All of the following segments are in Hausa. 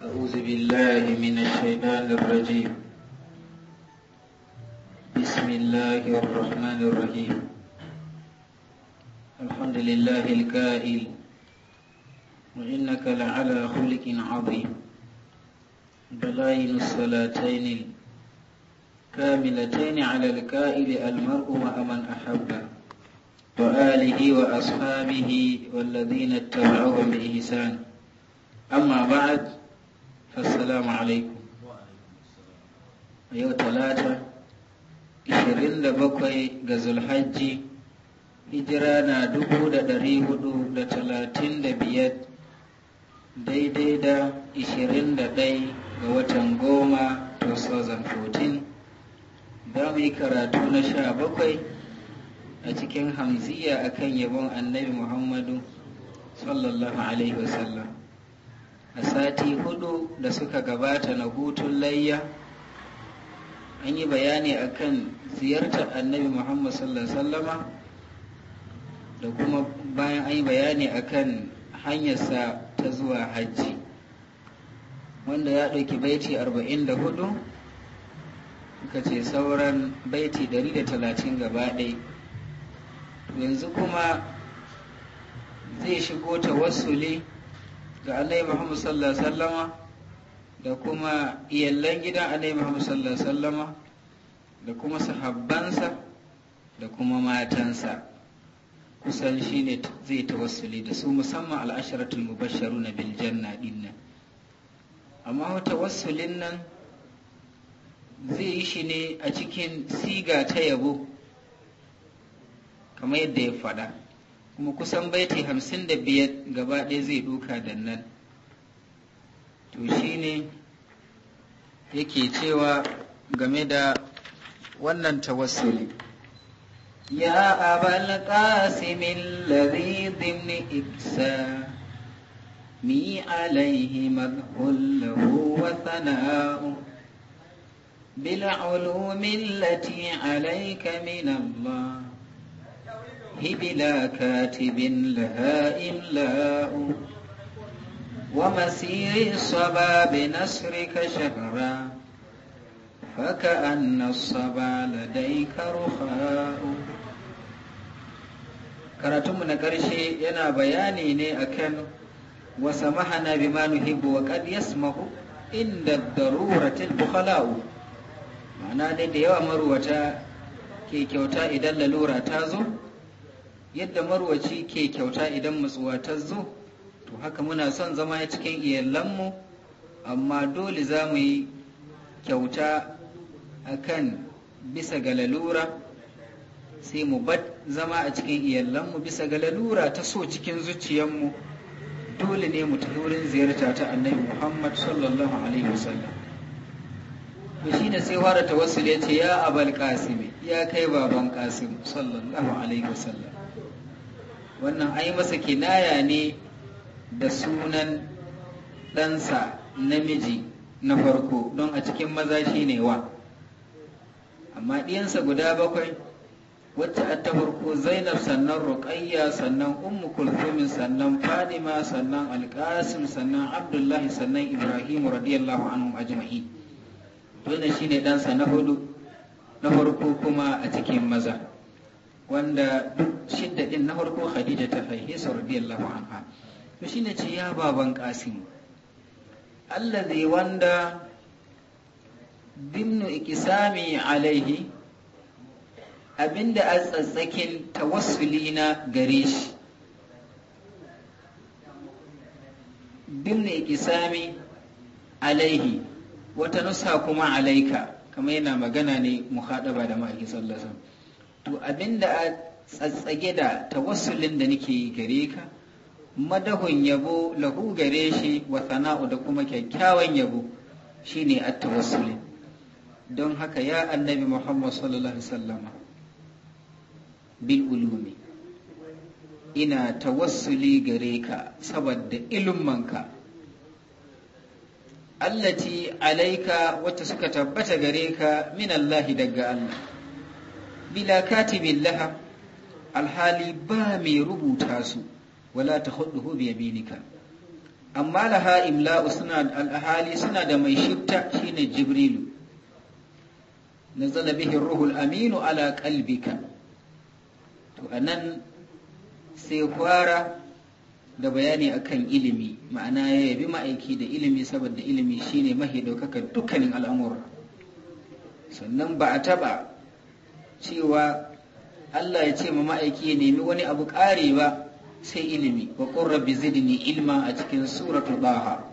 أعوذ بالله من الشيطان الرجيم بسم الله الرحمن الرحيم الحمد لله الكائل وإنك لعلى خلق عظيم بلاين الصلاتين الكاملتين على الكائل المرء ومن أحبه وآله وأصحابه والذين اتبعوهم بإحسان أما بعد Assalamu alaikum. A Yau talata, 27 ga Zulhajji, hijira na 435 daidai da 21 ga watan goma 2014. Za mu yi karatu na sha bakwai a cikin hamziya akan yabon annabi Muhammadu sallallahu Alaihi wasallam. a sati hudu da suka gabata na hutun layya an yi bayani akan ziyartar annabi muhammad sallallahu da kuma bayan an yi bayani akan hanyarsa ta zuwa hajji wanda ya ɗauki baiti 44 hudu, ce sauran baiti 130 gaba ɗai yanzu kuma zai shigo ta wasu ga annabi Muhammad sallallahu alaihi wasallama da kuma iyallan gidan annabi Muhammad sallallahu alaihi wasallama da kuma sahabbansa da kuma matansa kusan shine zai tawassuli da su musamman al'asharatul mubasharu na biljanna dinnan amma tawassulin nan zai yi shi ne a cikin siga ta yabo kamar yadda ya faɗa kuma kusan baiti hamsin da biyar gaba ɗaya zai ɗuka da nan to shi ne yake cewa game da wannan tawassuli ya abal qasimin lari dhimni iksa mi alaihi madhul wa sana'u bil'ulumin lati alaika min Allah الفتح بلا كاتب لها إملاء ومسير الصبا بنسرك شهرا فكأن الصبا لديك رخاء karatunmu na ƙarshe yana bayani ne akan wasa mahana bi ma nuhibbu wa qad yasmahu inda daruratil bukhala'u ma'ana dai da yawa maruwata ke kyauta idan lalura ta zo yadda marwaci ke kyauta idan matsuwa ta zo to haka muna son zama ya cikin iyalanmu amma dole za mu yi kyauta kan bisa ga lalura sai mu bar zama a cikin iyalanmu bisa ga lalura ta so cikin zuciyanmu dole ne mu tafi wurin ziyarta ta annabi muhammad sallallahu alaihi wasallam to da sai fara tawassul ya ce ya abal kasimi ya kai baban kasim sallallahu alaihi wasallam wannan yi masa kinaya ne da sunan ɗansa namiji na farko don a cikin maza shi ne wa amma ɗiyansa guda bakwai wacce a ta farko zainab sannan ruƙayya sannan ummu kulfumin sannan fadima sannan alƙasim sannan abdullahi sannan ibrahim radiyallahu anhu ajma'i wannan shine ɗansa na hudu na farko kuma a cikin maza wanda duk shidda ɗin na farko khadija ta haihe sa radiyallahu anha to shine ce ya baban qasim allazi wanda dinnu ikisami alaihi abinda a tsatsakin tawassuli na gare shi dinnu ikisami alaihi wata nusa kuma alaika kamar yana magana ne ba da ma'aikin sallallahu to abinda a tsatsage da tawassulin da nake yi gare ka madahun yabo lahu gare shi wa sana'u da kuma kyakkyawan yabo shine a tawassulin. don haka ya annabi Muhammad sallallahu alaihi bil ulumi ina tawassuli gare ka saboda ilimanka. allati alaika wata suka tabbata gare ka min Allahi daga Allah bila katibin laha alhali ba mai rubuta su wala ta hudu bi binika. amma laha imla'u suna alhali suna da mai shifta shine jibrilu nazala bihin ruhul aminu ala kalbika to anan sai fara da bayani akan ilimi ma'ana ya yabi ma'aiki da ilimi saboda ilimi shine mahi daukakar dukkanin al'amura sannan ba a taba cewa Allah ya ce ma ma'aiki ya nemi wani abu ƙare ba sai ilimi wa qurra bi zidni ilma a cikin suratul baha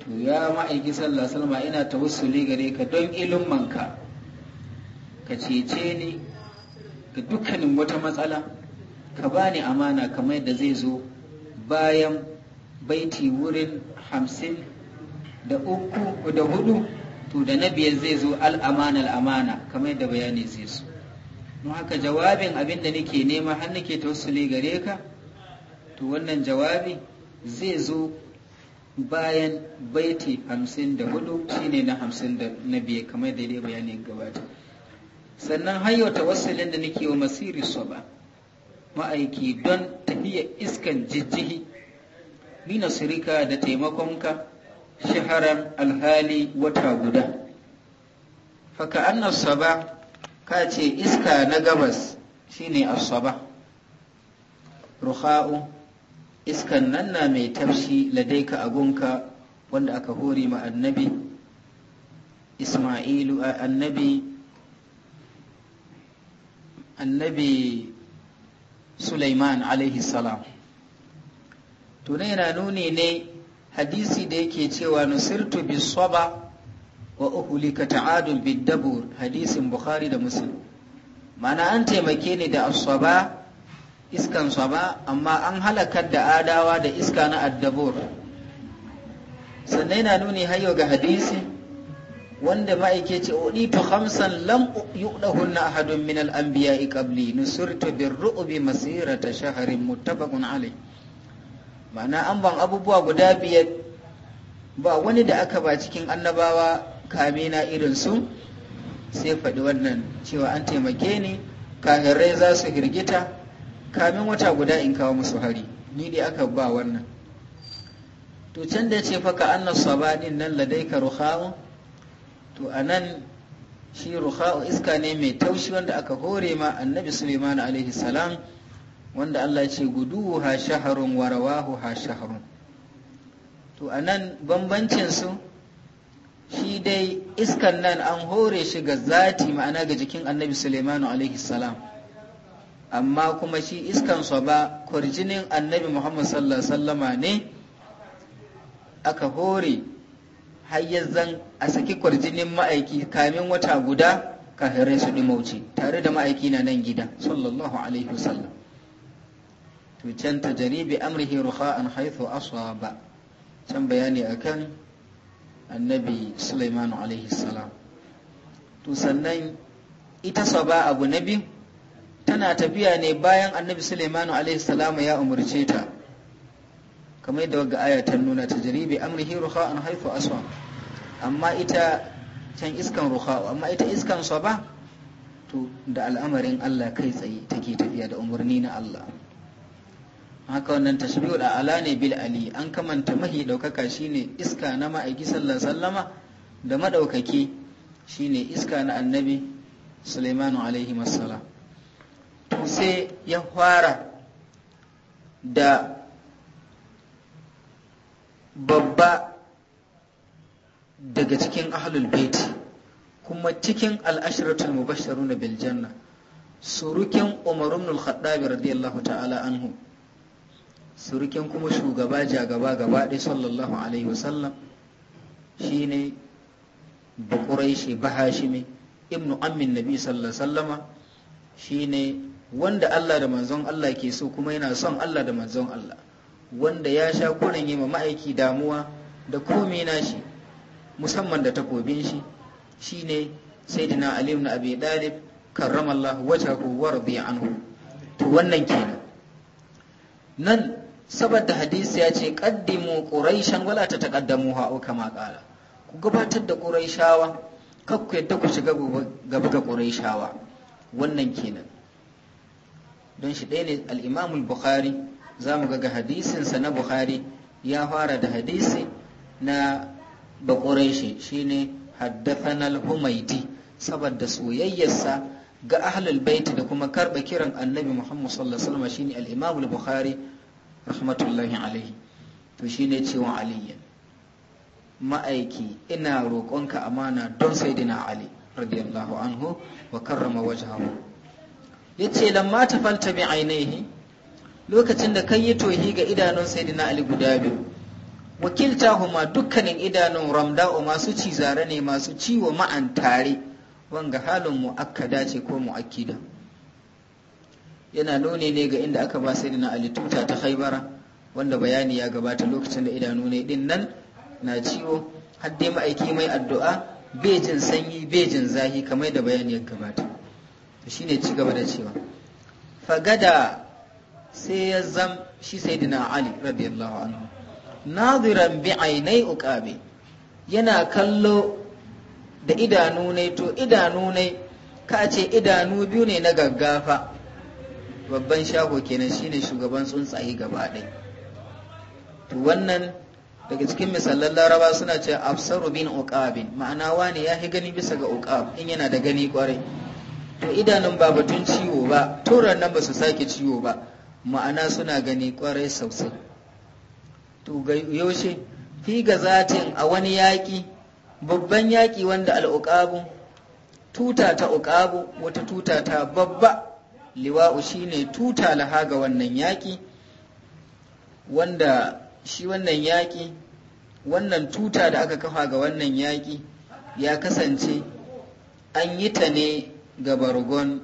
to ya ma'aiki sallallahu alaihi ina ta gare ka don ilimin ka ka cece ni ga dukkanin wata matsala ka bani amana kamar da zai zo bayan baiti wurin hamsin da uku da hudu to da na biyar zai zo al'amana al'amana kamar da bayani zai so don haka jawabin abin da nake nema har nake tausule gare ka to wannan jawabi zai zo bayan baiti hamsin da hudu shine na hamsin da na biyar kamar da dai bayani gabata sannan har yau tawassulin da nake wa masiri soba ma'aiki don tafiya iskan jijjihi mina sirika da taimakonka shaharan alhali wata guda faka annas saba ka ce iska na gabas shine asaba ruha'u iskan nan na mai tafshi ladaika agunka wanda aka hori ma annabi isma'ilu annabi annabi Sulaiman alaihi salam Tuna yana nuni ne hadisi da yake cewa nusirtu soba wa uhulika ta'adun biddabur hadisin bukhari da muslim mana an taimake ni da asaba iskan soba amma an halakar da adawa da iska na addabur sannan yana nuni hayo ga hadisi wanda ma'aike ce odi fa khamsan lam na ahadun min al-anbiya'i qabli nusurtu ru'bi masirata shahrin muttafaqun alayh ma'ana an ban abubuwa guda biyar ba wani da aka ba cikin annabawa kame irin su sai faɗi wannan cewa an taimake ni kahirai za su girgita. kamin wata guda in kawo musu hari ni dai aka ba wannan to can da ce faka annas sabadin nan ladaika ruha'un to a nan shi ruha'u iska ne mai taushi wanda aka hore ma annabi suleiman alaihi salam wanda allah ce gudu ha shaharun warawahu ha shaharun to a nan su, shi dai iskan nan an hore shi ga zati ma'ana ga jikin annabi suleiman alaihi salam amma kuma shi iskan su ba kwarjinin annabi muhammad sallallahu sallama ne aka hore har zan a saki kwarjinin ma'aiki kamin wata guda kafirai su ɗi tare da ma'aiki na nan gida sallallahu alaihi wasallam to can ta jaribi amrihi an haithu ba, can bayani akan annabi Sulaiman alaihi salam to sannan ita saba abu na biyu tana tafiya ne bayan annabi Sulaiman alaihi salam ya umarce ta kamar yadda wagga aya ta nuna ta jaribi amrihi an haithu asaba amma ita can iskan ruha amma ita iskan saba to da al'amarin Allah kai tsaye take tafiya da umarni na Allah haka wannan tashbihu da ala ne bil ali an kamanta mahi daukaka shine iska na ma'aiki sallallahu wasallama da madaukake shine iska na annabi Sulaiman alaihi wasallam to sai ya fara da babba daga cikin ahlul baiti kuma cikin al'ashiratul mubasharu na biljanna surukin umaru ibn al radiyallahu ta'ala anhu surukin kuma shugaba jagaba gaba sallallahu alaihi wasallam shine bakuraishi bahashimi ibn ammin nabi sallallahu sallama shine wanda Allah da manzon Allah ke so kuma yana son Allah da manzon Allah wanda ya sha kurin yi ma ma'aiki damuwa da komai na shi musamman da takobin shi shine sayyidina ali na abi dalib karramallahu wajhahu wa radiya anhu to wannan kenan nan saboda hadisi ya ce qaddimu quraishan wala ta taqaddamu ha kama ƙara, ku gabatar da quraishawa kar ku yadda ku shiga gaba ga quraishawa wannan kenan don shi ɗaya ne al-imamul bukhari za mu ga hadisinsa na bukhari ya fara da hadisi na da ƙureshi shine ne al-humaidi saboda soyayyarsa ga ahlul baiti da kuma karɓa kiran annabi muhammad sallallahu alaihi wasallam shine al-imam al-bukhari rahmatullahi alaihi to shine cewa aliyan ma'aiki ina roƙonka amana don saidina ali radiyallahu anhu wa karrama wajhahu yace lamma tafalta bi ainihi lokacin da kai yi tohi ga idanun saidina ali guda biyu wakilta huma dukkanin idanun ramda'u masu ci zare ne masu ciwo ma'an tare wanga halin mu'akkada ce ko mu'akkida yana nuni ne ga inda aka ba sai Ali Tuta ta haibara wanda bayani ya gabata lokacin da idanu ne din nan na ciwo har dai ma'aiki mai addu'a bejin sanyi bejin zahi kamar da bayani ya gabata to shine ci gaba da cewa fagada sai ya zam shi sayyidina ali radiyallahu anhu naziran bi ainai uqabi yana kallo da idanu ne to idanu ne ka ce idanu biyu ne na gaggafa babban shago kenan shine shugaban tsuntsaye gaba ɗaya to wannan daga cikin misalan laraba suna ce afsaru bin uqabin ma'ana wani ya yi gani bisa ga uqab in yana da gani kwarai to idanun ba batun ciwo ba turan nan ba su sake ciwo ba ma'ana suna gani kwarai sosai to yaushe fi gazatin a wani yaƙi babban yaƙi wanda al'uƙabu tuta ta uƙabu wata tuta ta babba liwa'u shine tuta laha ga wannan yaƙi wanda shi wannan yaƙi wannan tuta da aka kafa ga wannan yaƙi ya kasance an yi ta ne ga bargon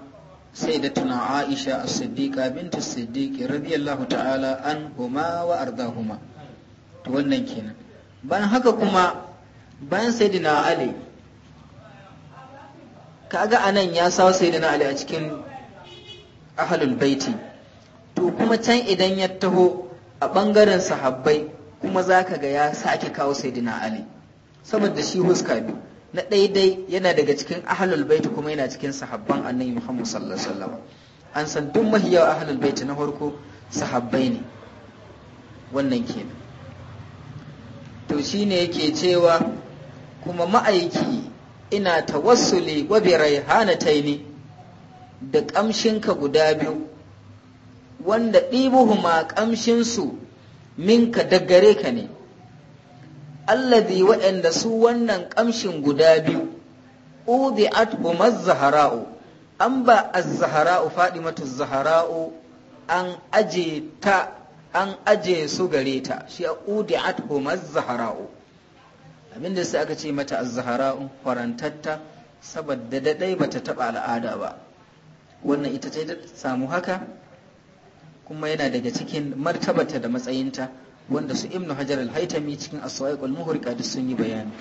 sai da tuna aisha as-siddiqa bintu siddiqi radiyallahu ta'ala an huma wa ardahuma wannan kenan bayan haka kuma bayan sayyidina ali kaga anan ya sa sayyidina ali a cikin ahlul baiti to kuma can idan ya taho a bangaren sahabbai kuma zaka ga ya sake kawo sayyidina ali saboda shi huska biyu na daidai yana daga cikin ahlul baiti kuma yana cikin sahabban annabi Muhammad sallallahu alaihi wasallam an san duk mahiyar ahlul baiti na farko sahabbai ne wannan kenan shi ne yake cewa kuma ma'aiki ina ta wa bi ne da ƙamshinka guda biyu wanda ɗibuhuma ƙamshinsu minka daggare ka ne allazi waɗanda su wannan ƙamshin guda biyu udi'at humaz zahara'u an ba az-zahara'u fadi az-zahara'u an aje ta an aje su gare ta shi a udi'at humaz zahara'u abinda sai aka ce mata a zaharau farantatta saboda ba bata taɓa al'ada ba wannan ita ce samu haka kuma yana daga cikin martabata da matsayinta wanda su ibnu hajar alhaitami haitami cikin asuwa sawaiq al sun yi bayani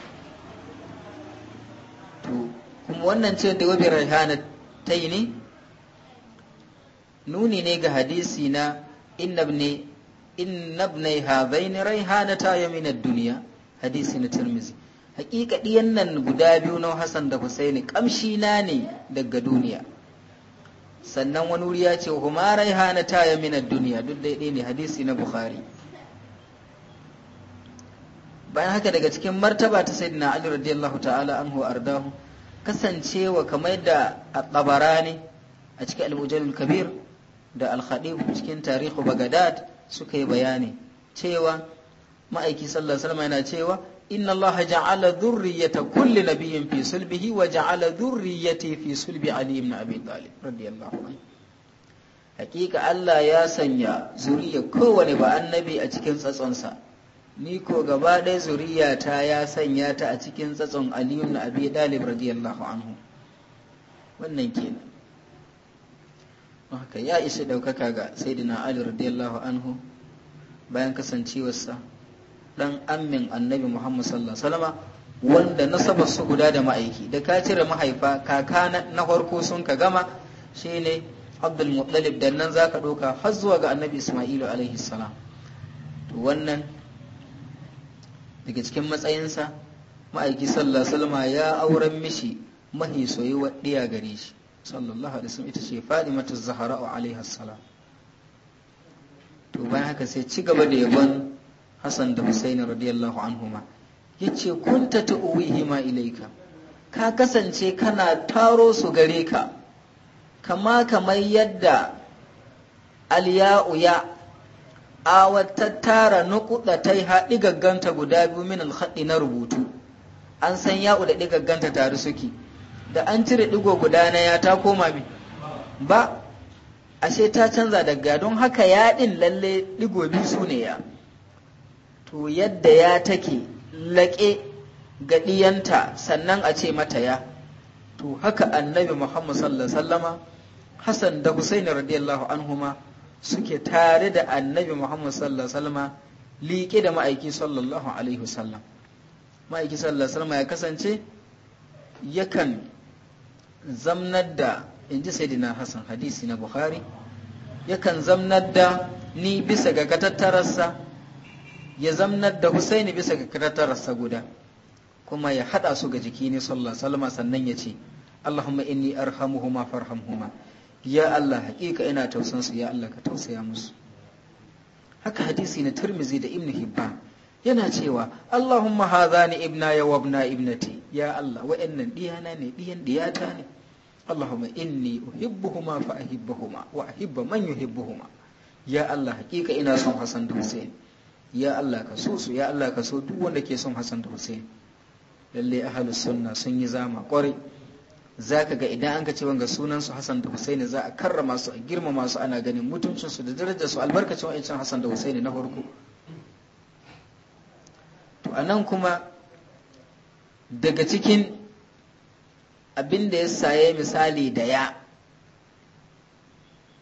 kuma wannan ce da wabi rahana yi ne nuni ne ga hadisi na inna inna ibnai hadaini ta yamin ad duniya? hadisi na tirmizi hakika ɗiyan nan guda biyu na hasan da Husaini kamshi na ne daga duniya sannan wani wuri ya ce huma ta yamin ad duniya? duk daidai ne hadisi na Bukhari bayan haka daga cikin martaba ta sayyidina Ali radiyallahu ta'ala anhu ardahu kasancewa kamar da at-tabarani a cikin al-mujallal kabir da al-khatib cikin tarihu bagdad suka yi bayani cewa ma'aiki sallallahu alaihi wasallam yana cewa inna allaha ja'ala dhurriyyata kulli nabiyyin fi sulbihi wa ja'ala dhurriyyati fi sulbi ali ibn abi talib radiyallahu anhu hakika Allah ya sanya zuriya kowane ba annabi a cikin tsatsonsa ni ko gaba ɗaya zuriya ta ya sanya ta a cikin tsatson ali ibn abi talib radiyallahu anhu wannan kenan haka ya isa ɗaukaka ga saidina ali radiyallahu anhu bayan kasancewarsa ɗan ammin annabi muhammad sallallahu alaihi wasallama wanda nasabar su guda da ma'aiki da ka cire mahaifa kaka na farko sun ka gama shine abdul muttalib dan nan zaka ɗauka har zuwa ga annabi Isma'il alaihi salam to wannan daga cikin matsayinsa ma'aiki sallallahu alaihi wasallama ya auren mishi mahi soyuwa diya gare shi sallallahu alaihi wasallam ita ce fadimatu zahra'u alaiha salam to bayan haka sai ci gaba da yabon Hassan da Husaini radiyallahu anhuma yace kunta ma ilaika ka kasance kana taro su gare ka kama kamar yadda aliya'u ya wata tara nukuda ta yi haɗi gagganta guda biyu min alhaɗi na rubutu an san ya'u da ɗi gagganta tare suke da an cire digo guda na ya ta koma bi ba ashe ta canza daga don haka ya lalle digo biyu su ne ya to yadda ya take laƙe ga ɗiyanta sannan a ce mata ya to haka annabi muhammad sallallahu sallama hassan da husaini radiyallahu anhuma suke tare da annabi muhammad sallallahu sallama liƙe da ma'aiki sallallahu alaihi wasallam ma'aiki sallallahu wasallama ya kasance yakan zamnar da in ji saidina hassan hadisi na bukhari yakan zamnar da ni bisa ga katattararsa ya zamnar da husaini bisa ga katattararsa guda kuma ya haɗa su ga jiki ne sallallahu sannan ya ce allahumma inni arhamuhuma farhamhuma ya allah hakika ina tausan su ya allah ka tausaya musu haka hadisi na turmizi da ibn Hibba yana cewa allahumma hadhani ibna ya wabna ibnati ya allah wa'annan diyana ne diyan diyata ne Allahumma inni uhibbuhuma fa ahibbahuma wa ahibba man yuhibbuhuma ya Allah hakika ina son Hassan da Hussein ya Allah ka so su ya Allah ka so duk wanda ke son Hassan da Hussein lalle ahlus sunna sun yi zama kwarai zaka ga idan an ka ce wanga sunan su Hassan da Hussein za a karrama su a girmama su ana ganin mutuncin su da darajar su albarkacin wa'ancin Hassan da Hussein na farko to anan kuma daga cikin abin da ya saye misali da ya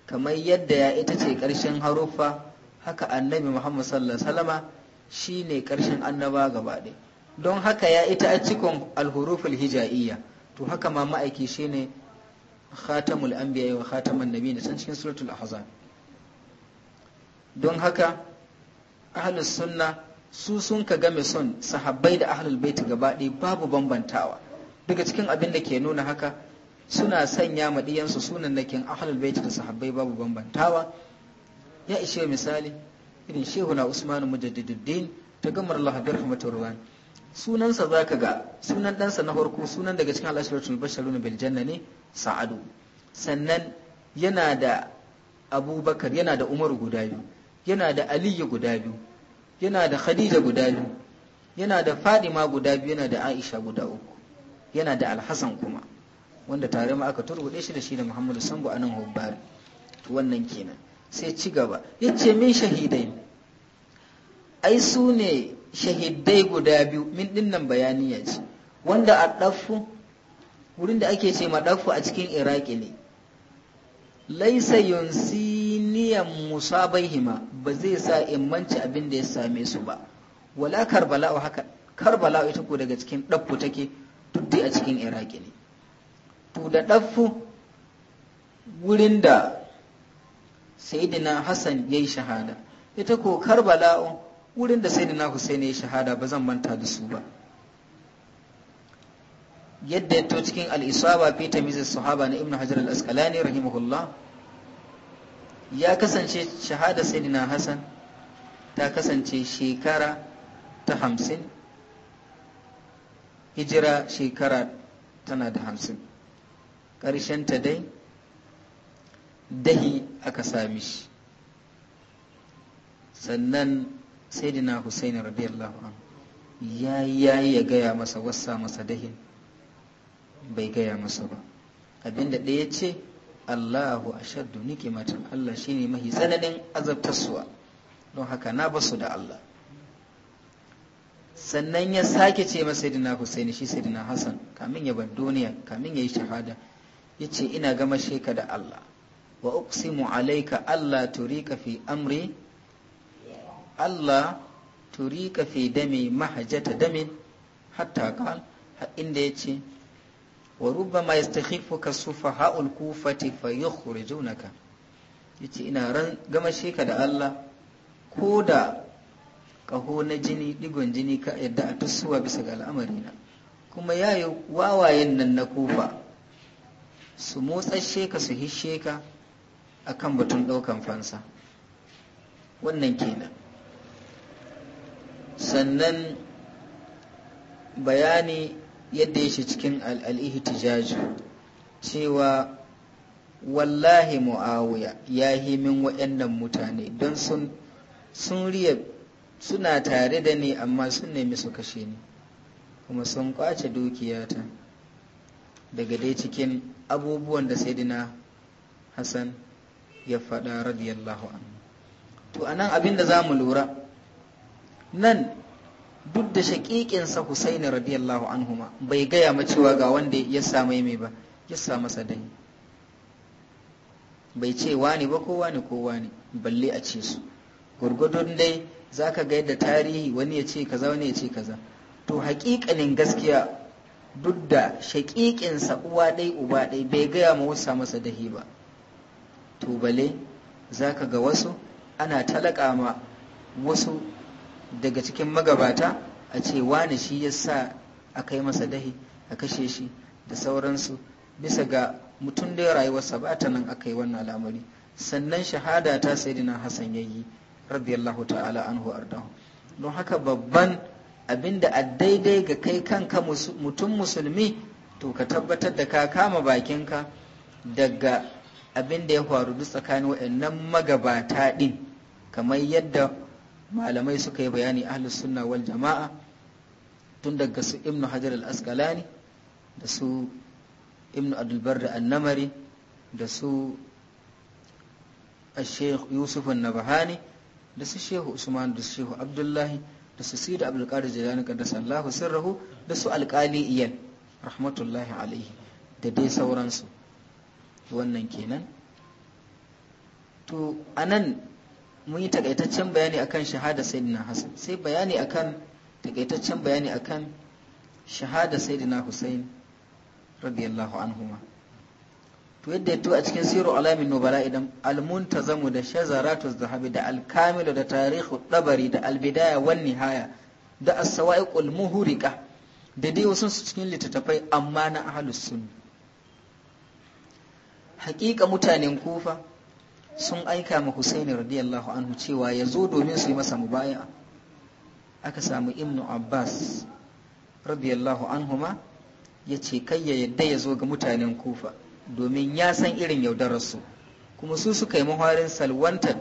kamar yadda ya ita ce ƙarshen haruffa haka annabi muhammad sallallahu alaihi shi ne ƙarshen annaba gaba don haka ya ita a cikin alhuruful hija'iyya to haka ma ma'aiki shi ne khatamul anbiya wa khataman nabi da can cikin suratul ahzab don haka ahlus sunna su sun ka game son sahabbai da ahlul bait gaba ɗaya babu bambantawa daga cikin abin da ke nuna haka suna sanya madiyansu sunannakin ahlul bait da sahabbai babu bambantawa ya ishe misali irin shehuna usman mujaddiduddin ta gamar Allah bi rahmatur sunansa za ka ga sunan ɗansa na farko sunan daga cikin al'ashirar ashratul na biljanna ne sa'adu sannan yana da abubakar yana da umar guda biyu yana da aliyu guda biyu yana da khadija guda biyu yana da fadima guda biyu yana da aisha guda uku yana da alhassan kuma wanda tare ma aka turbuɗe shi da shi da muhammadu sambo anan hubbari wannan kenan sai ci gaba ya ce min shahidai ai su ne shahidai guda biyu min dinnan bayani ya ce wanda a ɗaffu wurin da ake ce maɗaffu a cikin iraki ne laisa yunsiniyan musabaihima ba zai sa in manci abin da ya same su ba wala karbala'u haka karbala'u ita ko daga cikin ɗaffu take duk dai a cikin iraki ne to da ɗaffu gurin da sayidina hassan ya yi shahada ita ko karbala'u wurin da sayidina hussein ya yi shahada ba zan manta da su ba yadda ya to cikin al'isaba Peter Mrs. sahaba na ibn hajar al-asqalani rahimahullah ya kasance shahada sayidina hassan ta kasance shekara ta hamsin hijira shekara tana da hamsin ƙarshen ta dai dahi aka sami shi sannan saidina husaini radiyallahu an ya yi ya gaya masa wasa masa dahin bai gaya masa ba abinda ɗaya ce allahu ashaddu nikimatan allah shine mahi tsananin azabtarsuwa don haka na basu da allah sannan ya sake ce masa sayyidina Hussein shi sayyidina Hassan kamin ya bar duniya kamin ya yi shahada Ya ce ina gama sheka da Allah wa uqsimu alayka Allah turika fi amri Allah turika fi dami mahajata damin hatta har inda ya yace wa rubbama yastakhifuka sufaha'ul kufati fayukhrijunaka yace ina ran gama sheka da Allah ko da ƙaho na jini digon jini ka yadda a tasowa bisa ga al'amarina kuma ya yayi wawayen nan na kofa su motsashe ka su hishe ka akan batun ɗaukan fansa wannan kenan sannan bayani yadda ya shi cikin tijaji cewa wallahi mu'awuya ya himin waɗannan mutane don sun riya suna tare da ni amma sun nemi su kashe ni kuma sun kwace dukiyata daga dai cikin abubuwan da saidina hassan ya faɗa radiyallahu anhu to anan abin da za mu lura nan duk da shaƙiƙinsa husaini radiyallahu anhuma bai gaya ma ga wanda ya samu mai ba ya sami sadai bai ce wani ba kowa ne kowa ne balle a ce su gurgudun dai za ka ga yadda tarihi wani ya ce kaza wani ya ce kaza to haƙiƙanin gaskiya duk da shaƙiƙinsa uwa ɗai uba ɗai bai gaya ma wasu masa dahi ba to bale za ka ga wasu ana talaka ma wasu daga cikin magabata a ce wani shi ya sa a kai masa dahi a kashe shi da sauransu bisa ga mutum da rayuwarsa ba ta nan aka yi wannan al'amari sannan shahada ta dina hassan yayi radiyallahu ta'ala anhu ardahu don haka babban abinda a daidai ga kai kanka mutum musulmi to ka tabbatar da ka kama bakinka daga abin da ya faru duk tsakanin waɗannan magabata ɗin kamar yadda malamai suka yi bayani ahlus sunna wal jama'a tun daga su ibnu hajar al-asqalani da su ibnu abdulbar da annamari da su الشيخ يوسف النبهاني da su shehu usman da su shehu abdullahi da su si da abdulkadir jilani kaddasa sun sirrahu da su alkali iyal rahmatullahi alaihi da dai sauransu wannan kenan to a nan mun yi takaitaccen bayani akan shahada sayyidina Hassan, sai bayani akan takaitaccen bayani akan shahada sayyidina husain radiyallahu anhuma to yadda ya a cikin siru alamin nubala idan almuntazamu da shazaratu zahabi da alkamilu da tarihu dabari da albidaya wan haya da as-sawa'iqul muhurika da dai wasu su cikin littattafai amma na ahlus sunna haƙiƙa mutanen kufa sun aika ma Husaini radiyallahu anhu cewa ya zo domin su yi masa mubaya aka samu ibnu abbas radiyallahu anhu ma ya ce kai ya yadda ya zo ga mutanen kufa domin ya san irin yaudararsu kuma su suka yi muharin salwantar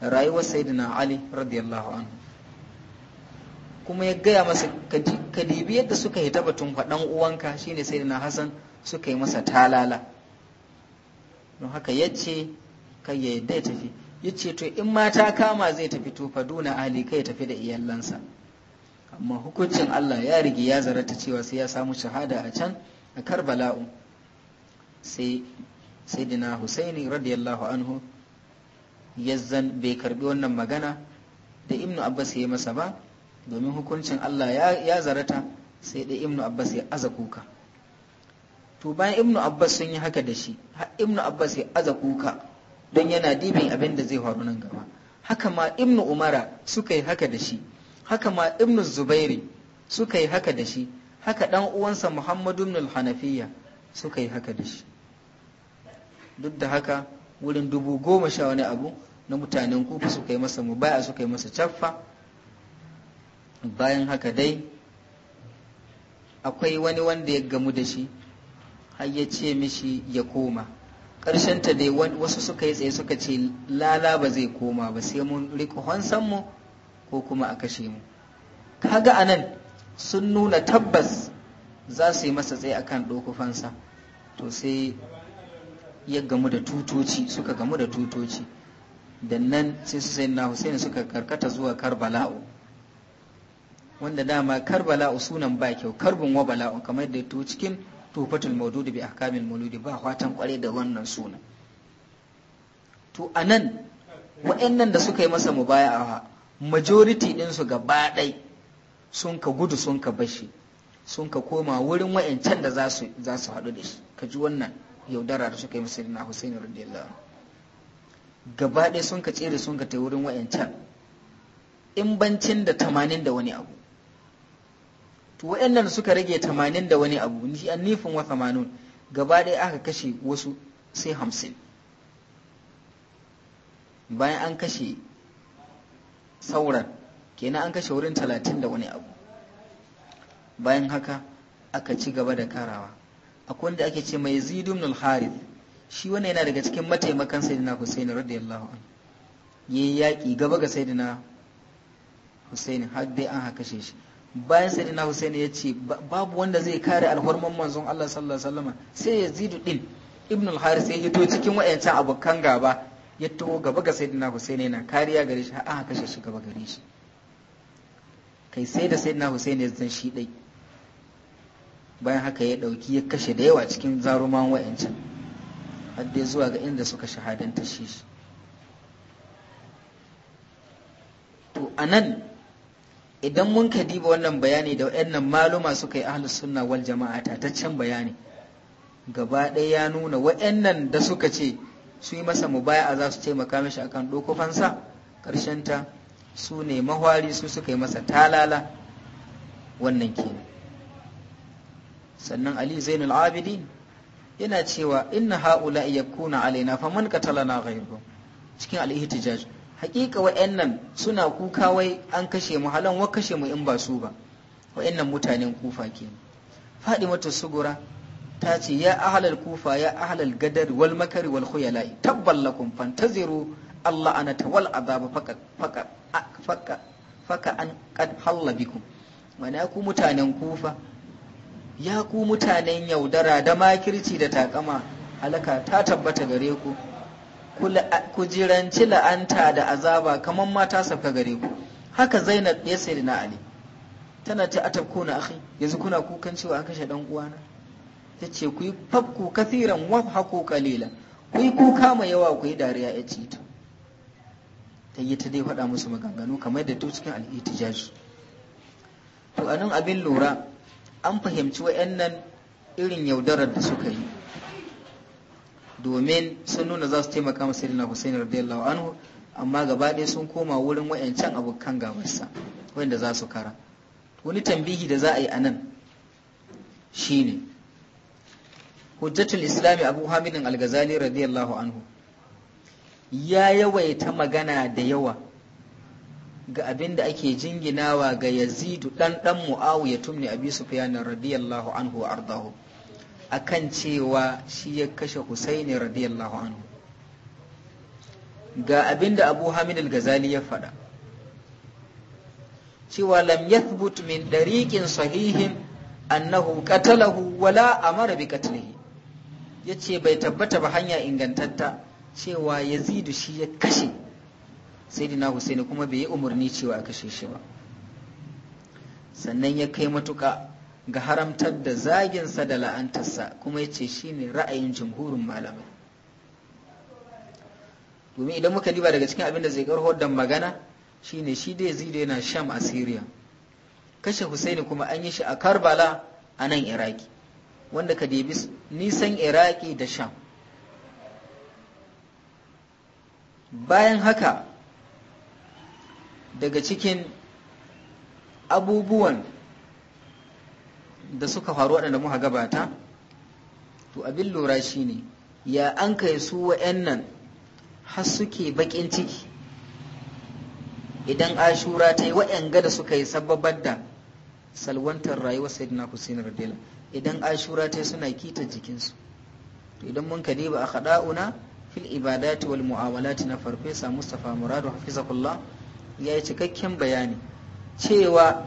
rayuwar saidina ali radiyallahu anhu kuma ya gaya masa kadibi yadda suka yi batun faɗan uwanka shine saidina hassan suka yi masa talala don haka ya ce kai yadda ya tafi ya ce to in ma ta kama zai tafi to faduna ali kai tafi da iyalansa amma hukuncin allah ya rigi ya zarata cewa sai ya samu shahada a can a karbala'u sai sayyidina husaini radiyallahu anhu yazzan bai karbi wannan magana da ibnu abbas ya masa ba domin hukuncin allah ya zarata sai da ibnu abbas ya aza kuka to bayan ibnu abbas sun yi haka da shi ibnu abbas ya aza kuka don yana dibin abin da zai faru nan gaba haka ma ibnu umara suka yi haka da shi haka ma ibnu zubairi suka yi haka da shi haka ɗan uwansa muhammadu ibn al-hanafiya suka yi haka da shi duk da haka wurin dubu goma sha wani abu na mutanen kufa suka yi masa mubaya suka yi masa caffa bayan haka dai akwai wani wanda ya gamu da shi har ya ce mishi ya koma ta dai wasu suka yi tsaye suka ce lala ba zai koma ba sai mun riko mu ko kuma a kashe mu kaga anan sun nuna tabbas za su yi masa tsaye akan ɗokufansa to sai ya gamu da tutoci suka gamu da tutoci da nan sai su sai na Hussein suka karkata zuwa Karbala'u wanda dama Karbala'u sunan ba kyau karbin wa bala'u kamar da to cikin tufatul maududi bi ahkamil mauludi ba fatan kware da wannan sunan to a anan wa'annan da suka yi masa mubaya'a majority din su gaba dai sun ka gudu sun ka bashi sun ka koma wurin wa'ancan da za su haɗu da shi ka ji wannan yaudara da suka yi masa na Hussein radiyallahu gaba ɗaya sun ka tsere sun ka ta wurin wayancan in bancin da tamanin da wani abu to wayannan suka rage tamanin da wani abu ni an nifin wa tamanin, gaba ɗaya aka kashe wasu sai hamsin bayan an kashe sauran kenan an kashe wurin talatin da wani abu bayan haka aka ci gaba da karawa akwai wanda ake ce mai zidu ibn al-harith shi wannan yana daga cikin mataimakan sayyidina husaini radiyallahu Ya yayi yaki gaba ga sayyidina husaini har dai an haka shi bayan sayyidina husaini ya ce babu wanda zai kare alhorman manzon Allah sallallahu alaihi wasallam sai yazidu din ibn al-harith ya hito cikin wayancan abokan gaba ya taho gaba ga sayyidina husaini yana kariya gare shi har an haka shi gaba gare shi kai sai da sayyidina husaini ya zan shi dai bayan haka ya ɗauki ya kashe da yawa cikin zaruman wa'ancan har dai zuwa ga inda suka shahadanta shi to a nan idan mun ka diba wannan bayani da nan maluma suka yi ahlus sunna wal jama'a tataccen bayani gaba ɗaya ya nuna nan da suka ce su yi masa mubaya'a za su taimaka mishi akan dokofansa ƙarshenta su ne mahwari su suka yi masa talala wannan kenan sannan ali zainul abidin yana cewa inna haula yakuna alaina faman qatalana ghayruhum cikin al-ihtijaj haƙiƙa wa'annan suna kuka wai an kashe mu halan wa kashe mu in ba su ba wa'annan mutanen kufa ke mata sugura ta ce ya ahlal kufa ya ahlal gadar wal makari wal khuyala'i tabballakum fantaziru Allah ana tawal azaba faka faka faka faka an qad halla bikum ku mutanen kufa ya ku mutanen yaudara da makirci da takama halaka ta tabbata gare ku ku jiranci la'anta da azaba kamar mata sauka gare ku haka zainab ya sai na ali tana ta atabko na akhi yanzu kuna kukan cewa an kashe dan uwana ta ce ku yi fafku kathiran wafhaku kalila ku yi kuka mai yawa ku yi dariya ya ci ta ta yi ta dai faɗa musu maganganu kamar da to cikin al'itijaji to anan abin lura an fahimci wa'annan irin yaudarar da suka yi domin sun nuna za su taimaka masa na Hussein radiyallahu anhu amma gaba ɗaya sun koma wurin wa'ancan abokan gabarsa wanda za su kara wani tambihi da za a yi a nan ne. hujjatul islami abu hamidin algazali radiyallahu anhu ya yawaita magana da yawa ga abin da ake jinginawa ga yazidu dan dan mu'awiya tumni abi sufyan radiyallahu anhu ardahu akan cewa shi ya kashe husaini radiyallahu anhu ga abin da abu hamid al-gazali ya faɗa cewa lam yathbut min dariqin sahihin annahu qatalahu wala amara bi qatlihi yace bai tabbata ba hanya ingantatta cewa yazidu shi ya kashe sayyidina husaini kuma bai yi umarni cewa a kashe shi ba sannan ya kai matuka ga haramtar da zaginsa da la'antarsa kuma ya ce shine ra'ayin jamhurin malamai domin idan muka diba daga cikin abin da zai karho da magana shine shi dai zai yana sham a syria kashe husaini kuma an yi shi a karbala a nan iraki wanda ka debi nisan iraki da sham bayan haka daga cikin abubuwan da suka faru waɗanda muka gabata to abin lura shi ne ya an kai su wa'annan har suke baƙin ciki idan ashura ta yi wa'yanga da suka yi sababar da salwantar rayuwar sayyidina Hussein radiyala idan ashura ta yi suna kita jikinsu to idan mun ka ba a haɗa'una fil ibadati wal mu'awalati na farfesa mustapha muradu Hafizatullah. ya yi cikakken bayani cewa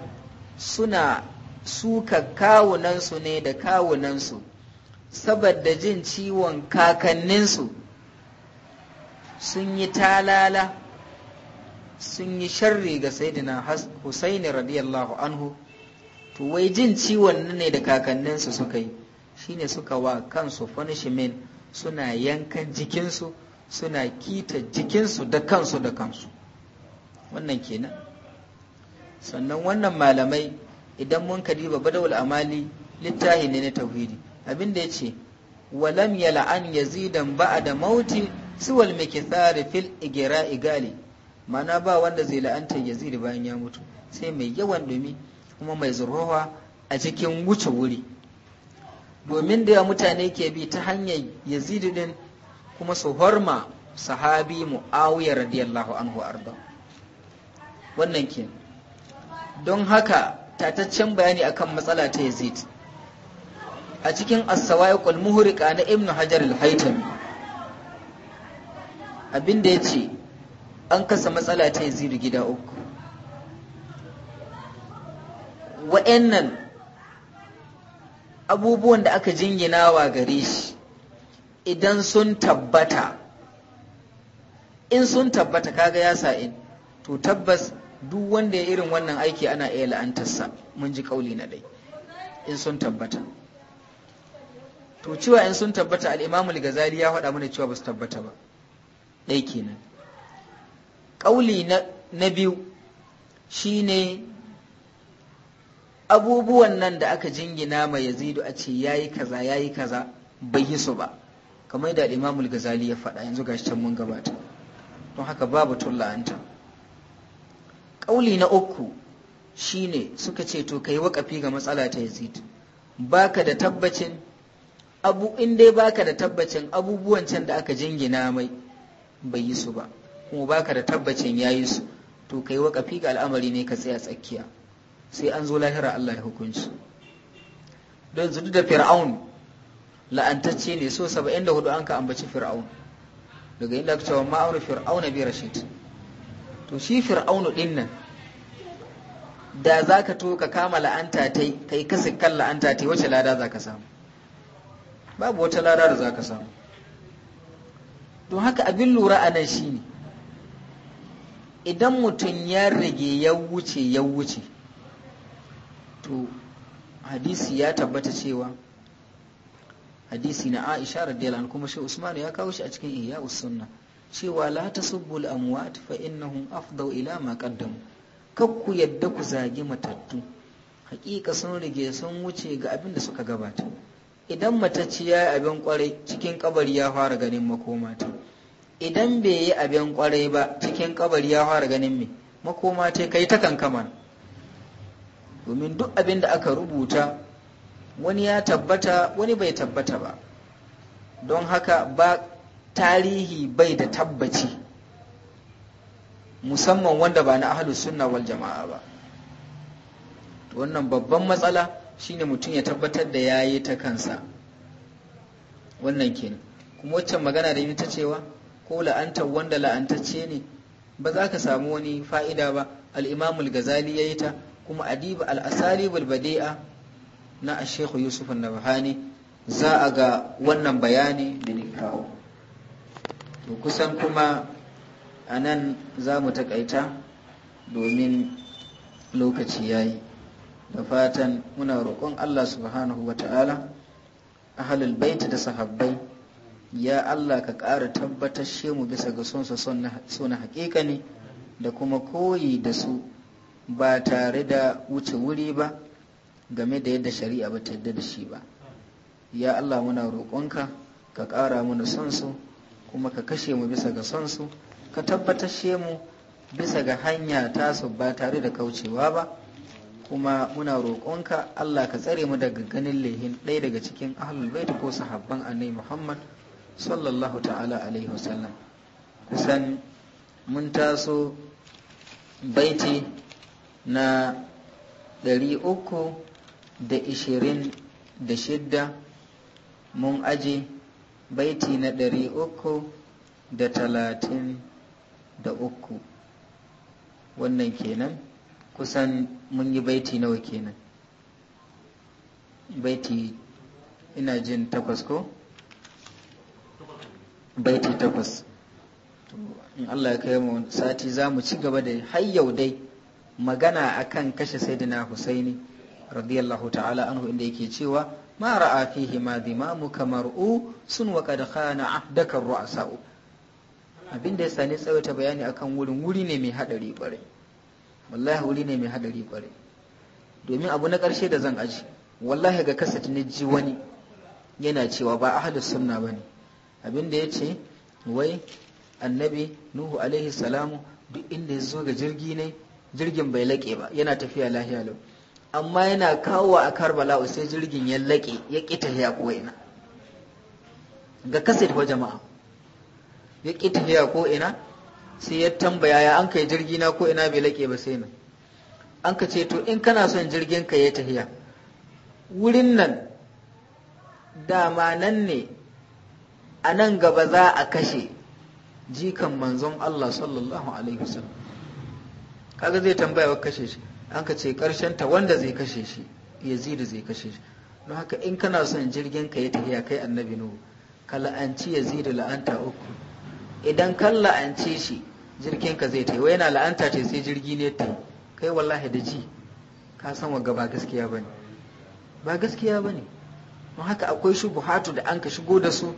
suna suka kawunansu ne da kawunansu saboda jin ciwon kakanninsu sun yi talala sun yi sharri ga saidina husaini radiyallahu anhu to wai jin ciwon ne da kakanninsu suka yi shine suka wa kansu punishment suna yankan jikinsu suna kita jikinsu da kansu da kansu wannan kenan sannan wannan malamai idan mun ka diba badawul amali littahi ne na tauhidi abinda ya ce walam yal'an yazidan da mauti siwal mikthari fil igira igali mana ba wanda zai la'anta Yazidi bayan ya mutu sai mai yawan dumi kuma mai zurrowa a cikin wuce wuri domin da mutane ke bi ta hanyar yazidi din kuma su horma sahabi muawiya radiyallahu anhu arda wannan ke don haka tataccen bayani akan matsala ta yazid a cikin as-sawaiqul muhriqa na ibn hajar al-haytami abinda yace an kasa matsala ta yazid gida uku wa'annan abubuwan da aka wa gare shi idan sun tabbata in sun tabbata kaga ya sa'in to tabbas duk wanda ya irin wannan aiki ana iya la'antarsa mun ji kauli na dai in sun tabbata to cewa in sun tabbata al'imamul gazali ya faɗa mana cewa ba su tabbata ba ɗai kenan ƙauli na biyu shine abubuwan nan da aka jingina ma zido a ce yayi kaza yayi kaza bai yi su ba kamar da al'imamul gazali ya faɗa yanzu gashi can mun gabata don haka babu tun la'anta ƙauli na uku shine suka ce to kai wakafi ga matsala ta yazid baka da tabbacin abu in dai baka da tabbacin abubuwan can da aka jingina mai bai yi su ba kuma baka da tabbacin ya yi su to kai wakafi ga al'amari ne ka tsaya tsakiya sai an zo lahira Allah ya hukunci don zudu da fir'aun la'antacce ne so 74 an ka ambaci fir'aun daga inda aka cewa ma'aun fir'aun bi rashid to shi fir'aunu din nan da za ka to ka kama la'anta ta ka yi kasa kan la'anta ta wace lada za ka samu babu wata lada da za ka samu don haka abin lura a nan shi ne idan mutum ya rage ya wuce ya wuce to hadisi ya tabbata cewa hadisi na aisha radiyallahu kuma shi usman ya kawo shi a cikin iya sunna cewa la tasubbul amwat fa innahum afdau ila ma qaddamu kak ku yadda ku zagi matattu hakika sun rige sun wuce ga abin da suka gabata idan matacci ya yi abin kwarai cikin kabari ya fara ganin makomata idan bai yi abin kwarai ba cikin kabari ya fara ganin me ta kai ta kankama domin duk abin da aka rubuta wani ya tabbata wani bai tabbata ba don haka ba tarihi bai da tabbaci musamman wanda ba na ahalus sunna wal jama'a ba wannan babban matsala shine mutum ya tabbatar da ya yi ta kansa wannan kenan kuma waccan magana da ta cewa ko la'antar wanda la'antacce ne ba za ka samu wani fa'ida ba al'imamul gazali ya yi ta kuma adiba al'asari bulbadi'a na ashekhu yusuf nabahani za a ga wannan bayani da ni kawo to kusan kuma a nan za mu takaita domin lokaci ya yi da fatan muna roƙon allah subhanahu wa ta'ala ahalul baita da sahabbai ya allah ka ƙara tabbatar mu bisa ga sonsa so na haƙiƙa ne da kuma koyi da su ba tare da wuce wuri ba game da yadda shari'a ba ta yadda da shi ba ya allah muna roƙonka ka ƙara muna son su kuma ka kashe mu bisa ga son su ka tabbatashe mu bisa ga hanya tasu ba tare da kaucewa ba kuma muna roƙonka Allah ka tsare mu daga ganin lehin ɗaya daga cikin ahlul baiti ko sahabban annabi Muhammad sallallahu ta'ala alaihi wasallam kusan mun taso baiti na 326 mun aje baiti na ɗari uku da talatin da uku wannan kenan kusan mun yi baiti nawa kenan baiti ina jin takwas ko? baiti takwas in Allah ya kai mu sati za mu ci gaba da har yau dai magana akan kashe saidina Husaini radiyallahu ta'ala anhu inda yake cewa ma ra'a fihi ma dimamu kamar'u sun wa qad khana 'abdaka ru'asa'u ya sani tsawaita bayani akan wurin wuri ne mai hadari kwarai wallahi wuri ne mai hadari kwarai domin abu na karshe da zan aji wallahi ga kasat na ji wani yana cewa ba ahlus sunna bane abinda yace wai annabi nuhu alaihi salamu duk inda ya zo ga jirgi ne jirgin bai laƙe ba yana tafiya lahiya lau amma yana kawo a karbala sai jirgin ya laƙe ya ƙita ya ko'ina ga kaset wa jama'a ya ƙita ya ko'ina sai ya tambaya ya an kai jirgi na ko'ina bai laƙe ba sai nan an ka ce to in kana son jirgin ka ya tahiya wurin nan dama nan ne a nan gaba za a kashe jikan manzon Allah sallallahu alaihi wasallam kaga zai tambaya wa kashe shi an ka ce ta wanda zai kashe shi yazid zai kashe shi don haka in kana son jirgin ka ya tafiya kai annabi nuhu ka la'anci da la'anta uku idan kan la'ance shi jirgin ka zai tafi yana la'anta ce sai jirgi ne ta kai wallahi da ji ka san wagga ba gaskiya bane ba gaskiya bane don haka akwai shubuhatu da an ka shigo da su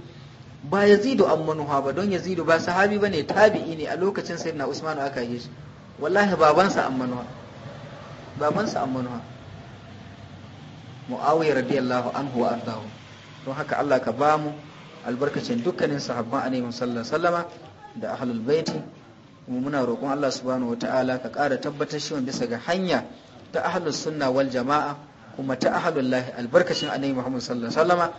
ba yazidu amma nuhu ba don yazidu ba sahabi bane tabi'i ne a lokacin sayyidina usmanu aka yi shi wallahi babansa amma nuhu. babansa ammanuwa mu'awiyar radiyallahu anhu wa ardahu don haka Allah ka ba mu albarkacin dukkanin sahabban annabi sallallahu sallama da ahalul baiti kuma muna roƙon Allah subhanahu ta'ala ka ƙara tabbatar shi bisa ga hanya ta ahalul sunna wal jama'a kuma ta ahalul lahi albarkacin neman Muhammad sallama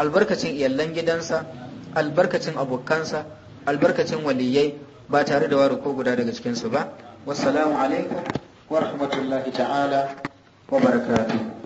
albarkacin iyallan gidansa albarkacin abokansa albarkacin waliyai ba tare da ware ko guda daga cikinsu ba wassalamu alaikum ورحمة الله تعالى وبركاته